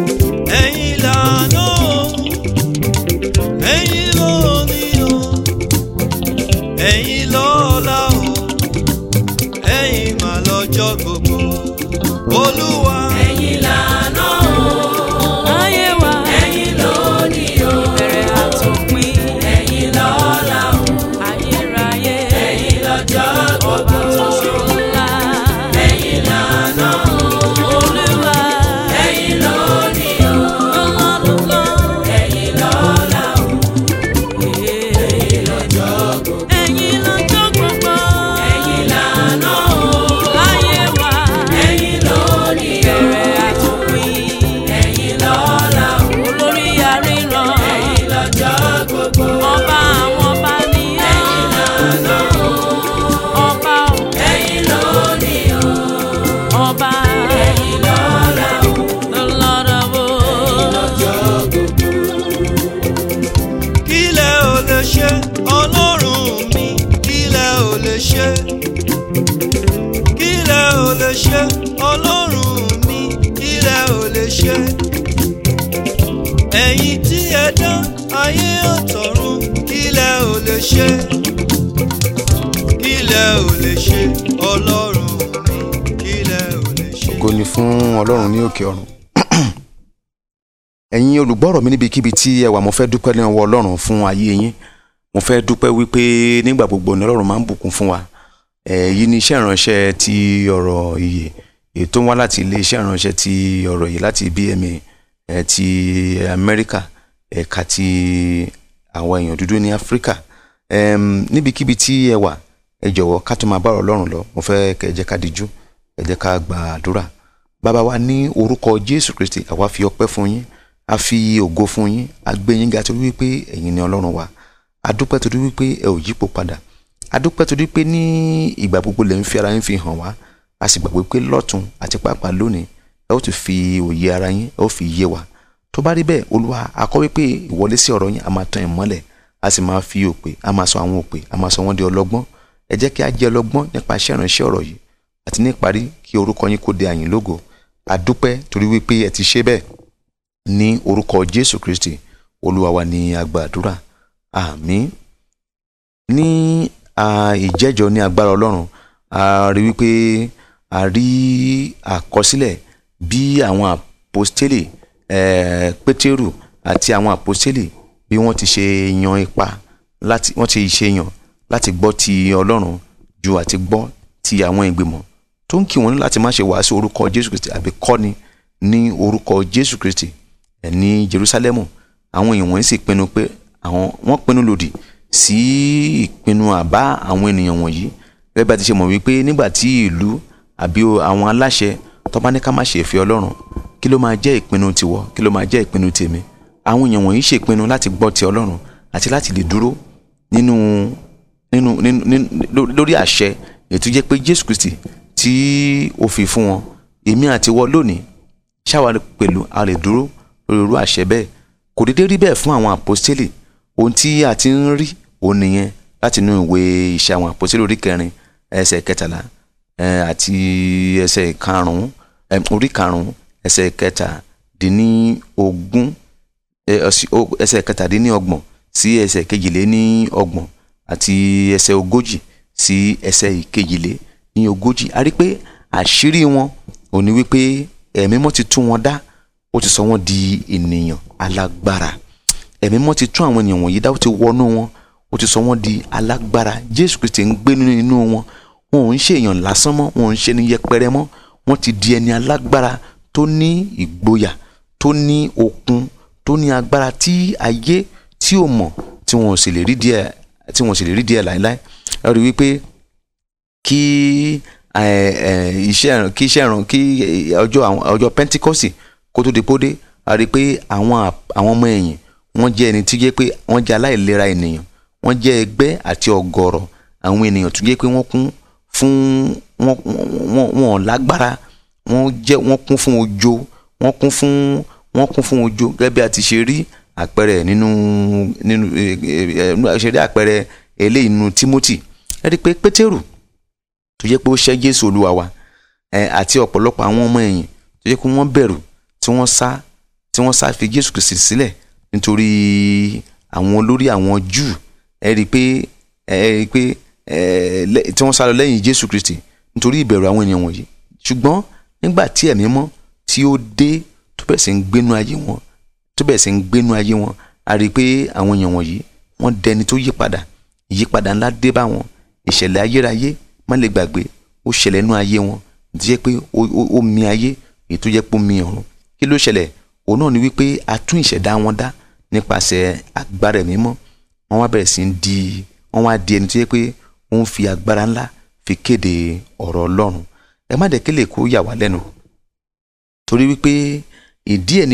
Thank you. ṣe ẹ̀yin tí ẹ dán ayé ọ̀tọ̀run kílẹ̀ ò lè ṣe kílẹ̀ ò lè ṣe ọlọ́run mi kílẹ̀ ò lè ṣe. ògo ni fún ọlọ́run ní òkè ọ̀run ẹ̀yin olùgbọ́rọ̀ mi níbikíbi tí ẹ wà mo fẹ́ dúpẹ́ ní ọwọ́ ọlọ́run fún ayé yín mo fẹ́ dúpẹ́ wípé nígbà gbogbo ni ọlọ́run máa ń bùkún fún wa èyí ni iṣẹ́ ìránṣẹ́ ti ọ̀rọ̀ ìyè ètò wá láti iléeṣẹ́ ìránṣẹ́ ti ọ̀rọ̀ yìí láti BMA ẹ̀ ti Amẹ́ríkà ẹ̀ka ti àwọn èèyàn dúdú ní Áfíríkà níbikíbi tí ẹ wà ẹ jọ̀wọ́ ká tó máa bá ọ̀rọ̀ Ọlọ́run lọ mo fẹ́ kẹ́ jẹ́ ká dijú ẹ jẹ́ ká gba àdúrà bàbá wa ní orúkọ Jésù Kristi àwa fi ọpẹ́ fún yín a fi ògo fún yín a gbé yín ga torí wípé ẹ̀yin ni Ọlọ́run wa a dúpẹ́ torí wípé ẹ ò yípo padà a dúpẹ́ torí pé ní ìgbà gbogbo lè ń fi ara yín fi hàn wá a sì gbàgbé pé lọ́tún àti pàápàá lónìí ẹ ó ti fi òye ara yín ẹ ó fi yé wa tó bá rí bẹ́ẹ̀ olúwa a kọ́ wípé ìwọlé sí ọ̀rọ̀ yín a máa tan ìmọ́lẹ̀ a sì máa fi òpè a máa sọ àwọn òpè a máa sọ wọ́n di ọlọ́gbọ́n ẹ jẹ́ kí a jẹ́ ọlọ́gbọ́n nípa iṣẹ́ ìránṣẹ́ ọ̀rọ̀ yìí àti ní ìparí kí orúkọ yín kó de àyìn lógo a dúpẹ́ torí wípé ẹ ti ṣe bẹ́ẹ̀ ní orúkọ Jésù Kristi olúwa wa ni a gbàdúrà àmín ní ìjẹ́jọ́ ní agbára Ọlọ́run a rí wípé a rí àkọsílẹ̀ bí àwọn àpọ́stélì eh, pétérù àti àwọn àpọ́stélì bí wọ́n ti ṣe yan ipa láti wọ́n ti ṣe yàn láti gbọ́ ti ọlọ́run ju àti gbọ́ ti àwọn ìgbìmọ̀ tó ń kì wọ́n láti má ṣe wàásù orúkọ jésù kristi àbí kọ́ni ní orúkọ jésù kristi ẹ̀ ní jerúsálẹ́mù àwọn èèyàn wọ̀nyí sì pinnu pé àwọn wọ́n pinnu lòdì sí ìpinnu àbá àwọn ènìyàn wọ̀nyí gẹ́gẹ́ bá ti ṣe mọ̀ wípé nígbà tí ìlú àbí àwọn aláṣẹ tó bá ní ká má ṣe ìfẹ́ ọlọ́run kí ló máa jẹ́ ìpinnu tiwọ kí ló máa jẹ́ ìpinnu tèmi àwọn èèyàn wọ̀nyí ṣèpinnu láti gbọ́ ti ọlọ́run àti láti lè dúró nínú nínú nínú lórí àṣẹ ètò jẹ́ pé Jésù Kristi tí ó fi fún wọn èmi àti wọ lónìí ṣáwa pẹ̀lú a lè dúró lórí irú àṣẹ bẹ́ẹ̀ kò dédé rí bẹ́ẹ̀ fún àwọn àpọ́stélì ohun tí a ti ń rí òun nìyẹn látinú ìwé ìṣe àwọn àpọ́stélì orí kẹrin ẹsẹ̀ kẹtàlá Eh, àti ẹsẹ̀ ìkarùn-ún eh, orí karùn-ún ẹsẹ̀ ìkẹtàdínní ogún eh, ẹsẹ̀ ìkẹtàdínní ọgbọ̀n sí ẹsẹ̀ ìkejìléní ọgbọ̀n àti ẹsẹ̀ ogójì sí ẹsẹ̀ ìkejìlé ní ogójì a rí pé àṣírí wọn ò ní wípé ẹ̀mí mọ́ ti tú wọn dá ó ti sọ wọn di ènìyàn alágbára ẹ̀mí mọ́ ti tú àwọn ènìyàn wọ̀nyí dá ó ti wọnú wọn ó ti sọ wọn di alágbára Jésù Kristi ń gbé nínú wọn wọn ò ń ṣe èèyàn lásán mọ́ wọn ò ń ṣe ni yẹpẹrẹ mọ́ wọ́n ti di ẹni alágbára tó ní ìgboyà tó ní okun tó ní agbára tí ayé tí ò mọ̀ tí wọn ò sì lè rí díẹ̀ tí wọn ò sì lè rí díẹ̀ láéláé ẹ rí wípé kí iṣẹ́ kí iṣẹ́ ìran kí ọjọ́ ọjọ́ Pentikọ́sì kó tó di pódé a rí pé àwọn àwọn ọmọ ẹ̀yìn wọ́n jẹ́ ẹni tí jẹ́ pé wọ́n jẹ́ aláìlera ènìyàn wọ́n jẹ́ ẹgbẹ́ àti ọ̀gọ̀rọ̀ àwọn ènìyàn tó jẹ́ pé wọ́n kún fún wọn wọn wọn lágbára wọn jẹ wọn kún fún ojo wọn kún fún wọn kún fún ojo gẹ́gẹ́ bí a ti ṣe rí àpẹẹrẹ nínú nínú e, e, e, ṣe rí àpẹẹrẹ eléyìí nínú Timothy ẹ rí i pé Pétérù tó yẹ pé ó ṣẹ́ Jésù Olúwa wa àti ọ̀pọ̀lọpọ̀ àwọn ọmọ ẹ̀yìn tó yẹ pé wọ́n bẹ̀rù tí wọ́n sá tí wọ́n sá fi Jésù Kristi sílẹ̀ nítorí àwọn olórí àwọn Júù ẹ rí i pé ẹ rí i pé Eh, tí wọ́n sá lọ lẹ́yìn Jésù Kristi nítorí ìbẹ̀rù àwọn ènìyàn wọ̀nyí ṣùgbọ́n nígbà tí ẹ̀mí mọ́ tí ó dé tó bẹ̀rẹ̀ sí ń gbénú ayé wọn tó bẹ̀rẹ̀ sí ń gbénú ayé wọn a rí i pé àwọn èèyàn wọ̀nyí wọ́n dẹni tó yípadà ìyípadà ńlá dé bá wọn ìṣẹ̀lẹ̀ ayérayé má lè gbàgbé ó ṣẹlẹ̀ nú ayé wọn ti jẹ́ pé ó mi ayé èyí tó jẹ́ pé ó mi ọ̀run kí ló ṣẹlẹ̀ òun náà ni wípé a tún ìṣẹ̀dá wọn dá nípasẹ̀ agbára ẹ̀mí mọ́ wọ́n wá bẹ̀rẹ̀ sí ń di wọ́n wá di ẹni tó yẹ pé ó ń fi agbára ńlá fi kéde ọ̀rọ̀ ọlọ́run ẹ má dẹ̀ kélé kó yà wá lẹ́nu torí wípé ìdí ẹ̀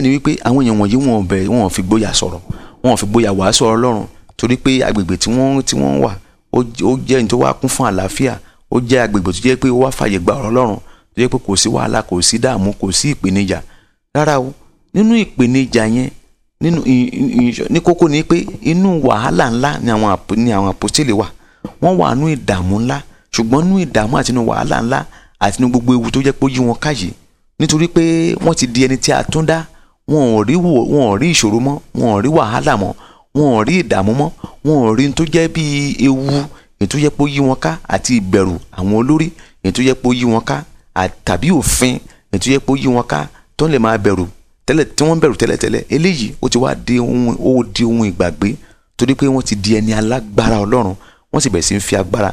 ni wípé àwọn èèyàn wọ̀nyí wọn bẹ̀ wọn fi gbóyà sọ̀rọ̀ wọn fi gbóyà wàásù ọlọ́run torí pé agbègbè tí wọ́n tí wọ́n wà ó jẹ́ ní tó wá kún fún àlàáfíà ó jẹ́ agbègbè tó jẹ́ pé ó wá fàyè gba ọ̀rọ̀ ọlọ́run tó jẹ́ pé kò sí wàhálà kò sí dààmú kò sí ìpèníjà rárá o nínú ìpèníjà yẹn nínú ní kókó ni pé inú wàhálà ńlá ni àwọn ni àwọn àpòstélì wà wọ́n wà nú ìdààmú ńlá ṣùgbọ́n nú ìdààmú àti nú wàhálà ńlá àti nú gbogbo ewu tó jẹ́ pé ó yí wọn káyè nítorí pé wọ́n ti di ẹni tí a tún dá wọn ò rí wọn ò rí ìṣòro mọ́ wọn ò rí wàhálà mọ́ wọn ò rí ìdààmú mọ́ wọn ò rí n tó jẹ́ bíi ewu èyí tó jẹ́ pé ó yí wọn ká àti ìbẹ̀rù àwọn olórí èyí tó jẹ́ pé ó yí wọn ká tàbí òfin èyí tó jẹ́ pé ó yí wọn ká tó ń lè máa bẹ̀rù tẹ́lẹ̀ tí wọ́n bẹ̀rù tẹ́lẹ̀tẹ́lẹ̀ eléyìí ó ti wá di ohun ó di ohun ìgbàgbé torí pé wọ́n ti di ẹni alágbára ọlọ́run wọ́n sì bẹ̀rẹ̀ sí fi agbára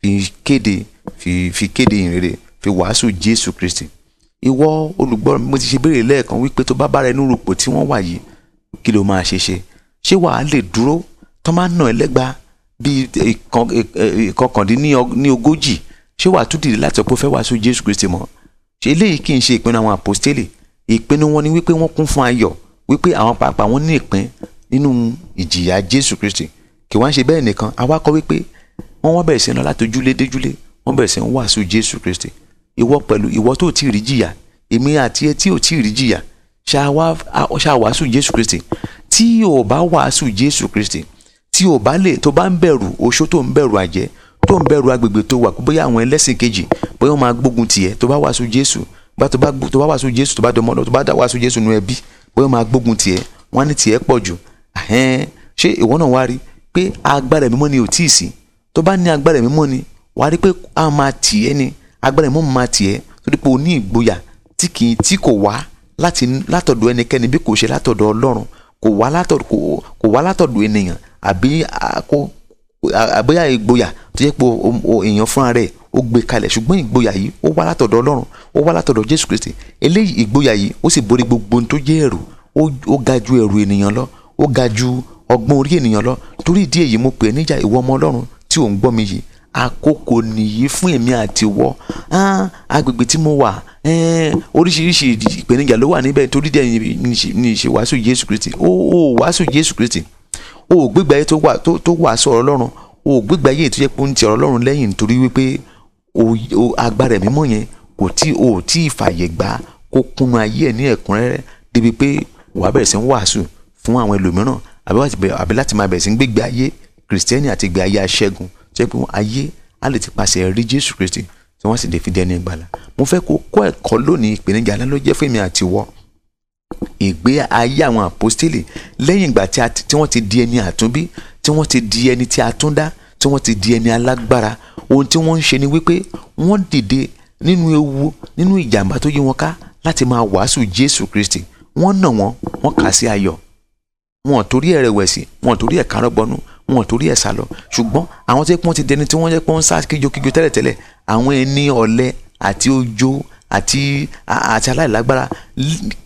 fi kéde fi fi kéde ìrere fi wàásù jésù kristi ìwọ olùgbọ́ mi mo ti ṣe béèrè lẹ́ẹ̀kan wípé tó bá bára ẹnu rògbò tí wọ́n wà yìí kí ló máa ṣe ṣe ṣé wàá lè dúró tó máa nà ẹ́ lẹ́gba bíi ìkọkàndínní ogójì ṣé wàá tún láti ọ̀pọ̀ fẹ́ wàásù jésù kristi mọ́ ṣé eléyìí kì í ṣe ìpinnu àwọn àpòstélì ìpinnu wọn ni wípé wọ́n kún fún ayọ̀ wípé àwọn pàápàá wọn ní ìpín nínú ìjìyà Jésù Kristi kì wá ń ṣe bẹ́ẹ̀ nìkan àwa kọ́ wípé wọ́n wá bẹ̀rẹ̀ sí ń lọ látọjúlé déjúlé wọ́n bẹ̀rẹ̀ sí ń wàásù Jésù Kristi ìwọ pẹ̀lú ìwọ tó tí ì rí jìyà èmi àti ẹ tí ò tí ì rí jìyà ṣá wàásù Jésù Kristi tí ò bá wàásù Jésù Kristi tí ò bá lè tó bá ń bẹ̀rù oṣó tó ń bẹ̀rù àjẹ́ tó ń bẹ̀rù agbègbè tó wà bóyá àwọn ẹlẹ́sìn kejì bóyá wọ́n máa gbógun tiẹ̀ tó bá wàásù Jésù bá tó bá tó bá wàásù jésù tó bá dọmọ tó bá dá wàásù jésù nu ẹbí bóyá máa gbógun tiẹ̀ wọ́n ní tiẹ̀ pọ̀ jù ṣé ìwọ náà wá rí pé agbára mímọ́ ni ò tíì sí tó bá ní agbára mímọ́ ni wàá rí pé a máa tì ẹ́ ni agbára mímọ́ máa tì ẹ́ torí pé o ní ìgboyà tí kì í tí kò wá láti látọ̀dọ̀ ẹnikẹ́ni bí kò ṣe látọ̀dọ̀ ọlọ́run kò wá látọ̀dọ̀ kò wá látọ̀dọ̀ ènìyàn àbí àbóyá ìgboyà tó yẹ pé èèyàn fúnra rẹ̀ ó gbé kalẹ̀ ṣùgbọ́n ìgboyà yìí ó wá látọ̀dọ̀ ọlọ́run ó wá látọ̀dọ̀ jésù kristi eléyìí ìgboyà yìí ó sì borí gbogbo ohun tó jẹ́ ẹ̀rù ó ga ju ẹ̀rù ènìyàn lọ ó ga ju ọgbọ́n orí ènìyàn lọ torí ìdí èyí mo pè é níjà ìwọ ọmọ ọlọ́run tí ò ń gbọ́ mi yìí àkókò nìyí fún èmi àti wọ agbègbè tí mo wà oríṣiríṣi ìpèníjà ló wà níbẹ̀ torí díẹ̀ ní ìṣèwàásù jésù kristi ó wàásù jésù kristi ó gbégbáyé tó wàásù ọ̀rọ̀ ọlọ́run ó gbégbáyé tó yẹ pé ó ń ti ọ̀rọ̀ ọlọ́run lẹ́yìn nítorí wípé agbára ẹ̀mí mọ́ yẹn kò tí o ò tí ì fàyè gbà kó kúnnú ayé ẹ̀ ní ẹ̀kúnrẹ́rẹ́ débi pé wàá bẹ̀rẹ̀ sí ń wàásù fún àwọn ẹlòmíràn àbí láti máa bẹ̀rẹ̀ sí ń gbégbé ayé kìrìsìtẹ́nì àti ìgbé ayé aṣẹ́gun tó yẹ pé ayé á lè ti pàṣẹ rí jésù kristi tí wọ́n sì lè fi di ẹni ìgbàlà mo fẹ́ kó kọ́ ẹ̀kọ́ lónìí ìpèníjà alẹ́ ló jẹ́ fún mi àti wọ́ ìgbé ayé àwọn àpọ́stélì lẹ́yìn ìgbà tí wọ́n ti di ẹni àtúnbí tí wọ́n ti di ẹni tí a tún dá tí wọ́n ti di ẹni alágbára ohun tí wọ́n ń ṣe ni wípé wọ́n dìde nínú ewu nínú ìjàmbá tó yí wọn ká láti máa wàásù Jésù Kristi wọ́n nà wọ́n wọ́n kà sí ayọ̀ wọn ò torí ẹ̀ rẹ̀wẹ̀sì wọn ò torí ẹ̀ kárọ́gbọ́nú wọn ò torí ẹ̀ sálọ ṣùgbọ́n àwọn tí wọ́n ti dẹni tí wọ́n jẹ́ pé wọ́n ń sá kíjokíjo tẹ́lẹ̀tẹ́lẹ̀ àwọn ẹni ọ̀lẹ àti ojo àti àti aláìlágbára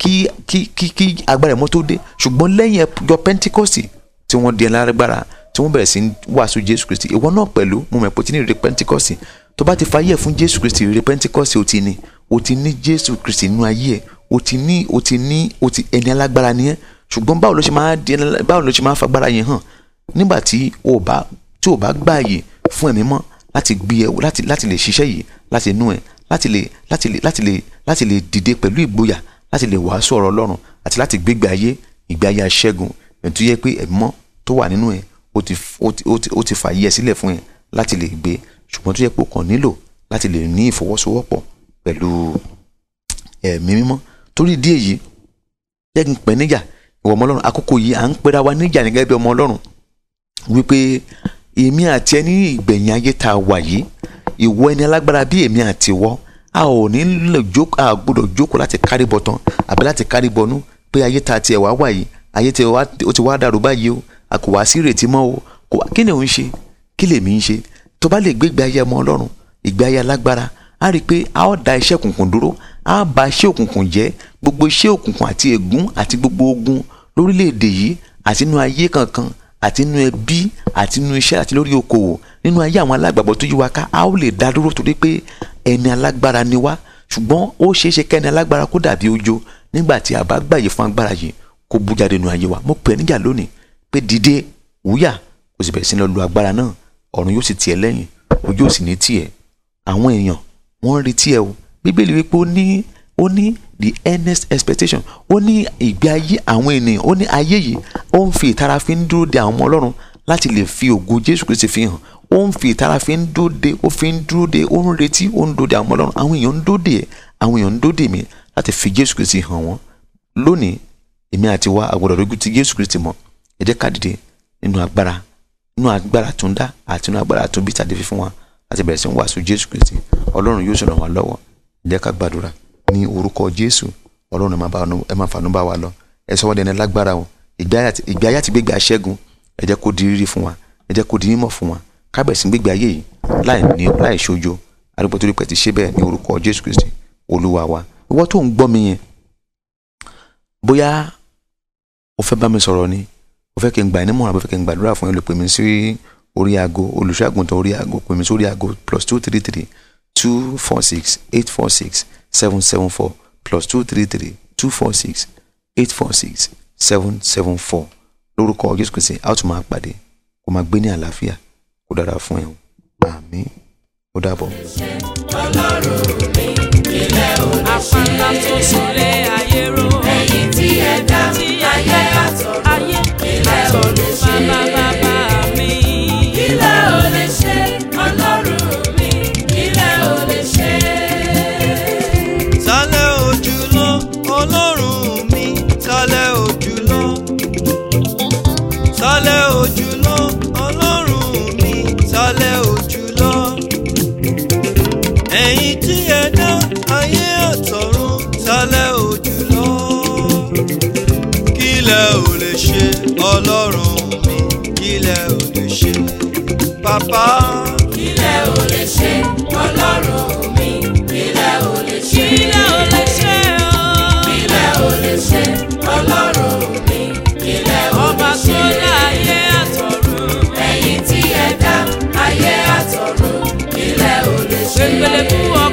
kí kí kí agbára ẹ̀mọ́ tó dé ṣùgbọ́n lẹ́yìn ẹjọ́ Pentikọ́sì tí wọ́n di ẹ̀ lágbára tí wọ́n bẹ̀rẹ̀ sí wàásù jésù kristi ìwọ náà pẹ̀lú mo mọ̀ pé o ti ní ìrere pentikọ́sì tó bá ti fayé ẹ̀ fún jésù kristi ìrere pentikọ́sì o ti ní o ti ní jésù kristi nínú ayé ẹ̀ o ti ní o ti ní o ti ẹni alágbára ni ẹ́ ṣùgbọ́n báwo ló ṣe máa di báwo ló ṣe máa fagbára yẹn hàn nígbà tí o bá tí o bá gbààyè fún ẹ̀mí mọ́ láti gbé ẹ láti láti lè ṣiṣẹ́ yìí láti inú ẹ láti lè láti lè láti lè láti lè dìde pẹ̀lú ìgboyà láti lè wàásù ọ̀rọ̀ ọlọ́run àti láti gbégbé ayé ìgbé ayé aṣẹ́gun ètò yẹ pé ẹ̀mí mọ́ tó wà nínú ẹ ó ti ó ti fàyè ẹ sílẹ̀ fún yẹn láti lè gbé ṣùgbọ́n tó yẹ pé o kàn nílò láti lè ní ìfọwọ́sowọ́pọ̀ pẹ̀lú eh, ẹ̀mí mímọ́ torí ìdí èyí jẹ́ kí n pẹ́ níjà ìwọ ọmọ ọlọ́run àkókò yìí à ń pera wa níjà ní bí ọmọ ọlọ́run wípé èmi àti ẹni ìgbẹ̀yìn ayé tá a wà yìí ìwọ ẹni alágbára bí èmi àti wọ́ a ò ní lè jókòó a gbọ́dọ̀ jókòó láti kárí bọ̀tán àbí láti kárí bọnú pé ayé tá a tiẹ̀ wá wà yìí ayé tí ó ti wá dàrú báyìí a kò wá sí ìrètí mọ́ o kò wá kí ni òun ṣe kí lèmi ń ṣe tó bá lè gbé ìgbé ayé ọmọ ọlọ́run ìgbé ayé alágbára a rí i pé a ó da iṣẹ́ òkùnkùn dúró a bà iṣẹ́ òkùnkùn jẹ́ gbogbo iṣẹ́ òkùnkùn àti ègún àti gbogbo ogun lórílẹ̀‐èdè yìí àti inú ayé kankan àti inú ẹbí àti inú iṣẹ́ àti lórí okòwò nínú ayé àwọn alágbàgbọ́ tó yí wa ká a ó lè dá dúró torí pé ẹni alágbára ni wá ṣùgbọ́n ó ṣeé ṣe kẹ́ni alágbára kó dàbí ojo nígbà tí a bá gbàyè fún agbára yìí kó bú jáde nínú ayé wa mo pè é níjà lónìí pé dìde wúyà o sì bẹ̀rẹ̀ sí ní lọ lu agbára náà ọ̀run yóò sì tiẹ̀ lẹ́yìn ojú ò sì ní tiẹ̀ àwọn èèyàn wọ́n ń retí ẹ o bíbélì wípé ó ní ó ní the earnest expectation ó ní ìgbé ayé àwọn ènìyàn ó ní ayé yìí ó ń fi ìtara fi ń dúró de àwọn ọmọ ọlọ́run láti lè fi ògo jésù kristi fi hàn ó ń fi ìtara fi ń dúró de ó fi ń dúró de ó ń retí ó ń dúró de àwọn ọmọ ọlọ́run àwọn èèyàn ń dúró de ẹ àwọn èèyàn ń dúró de mi láti fi jésù kristi hàn wọ́n lónìí èmi àti wa a lójú ti jésù kristi mọ́ ẹ jẹ́ ká dìde nínú agbára nínú agbára tó ń dá àti nínú agbára tó bí tàdé fífún wa láti bẹ̀rẹ̀ sí ń wàásù jésù kristi ọlọ́run yóò ṣèrànwá lọ́wọ́ ẹ jẹ́ ká gbàdúrà ní orúkọ jésù ọlọ́run ẹ máa fàánú bá wa lọ ẹ sọ wọ́n dẹni lágbára o ìgbé ayé àti gbégbé aṣẹ́gun ẹ jẹ́ kó di rírí fún wa ẹ jẹ́ kó di mímọ̀ fún wa kábẹ̀sí gbégbé ayé yìí láì ṣojo arúgbó torí pẹ̀ ti ṣe bẹ́ẹ̀ ní orúkọ jésù kristi olúwa wa ìwọ tó ń gbọ́ mi yẹn bóyá o fẹ́ bá mi sọ̀rọ̀ ni o fẹ́ kí n gbà ní mọ̀ràn àbí o fẹ́ kí n gbàdúrà fún yín o sí orí aago olùṣọ́àgùntàn orí aago pè mí sí aago plus two three three two four six eight four six seven seven four plus two three three two four six eight four six seven seven four lórúkọ Jésù Kristi a ó tún máa pàdé kó máa gbé ní àlàáfíà kó dára fún ẹ o àmín ó dàbọ̀. ọlọ́run mi ilé olùṣe àpáta tó ẹ̀yìn tí ẹ dá ayé. perdón. kílẹ̀ ò lè ṣe bàbá. kílẹ̀ ò lè ṣe ọlọ́run mi kílẹ̀ ò lè ṣe. kílẹ̀ ò lè ṣe o. Oh. kílẹ̀ ò lè ṣe ọlọ́run mi kílẹ̀ ò lè ṣe. ọba tó dá ayé àtọ̀run. ẹ̀yin tí ẹ dá ayé àtọ̀run kílẹ̀ ò lè ṣe. pépélé fún ọ.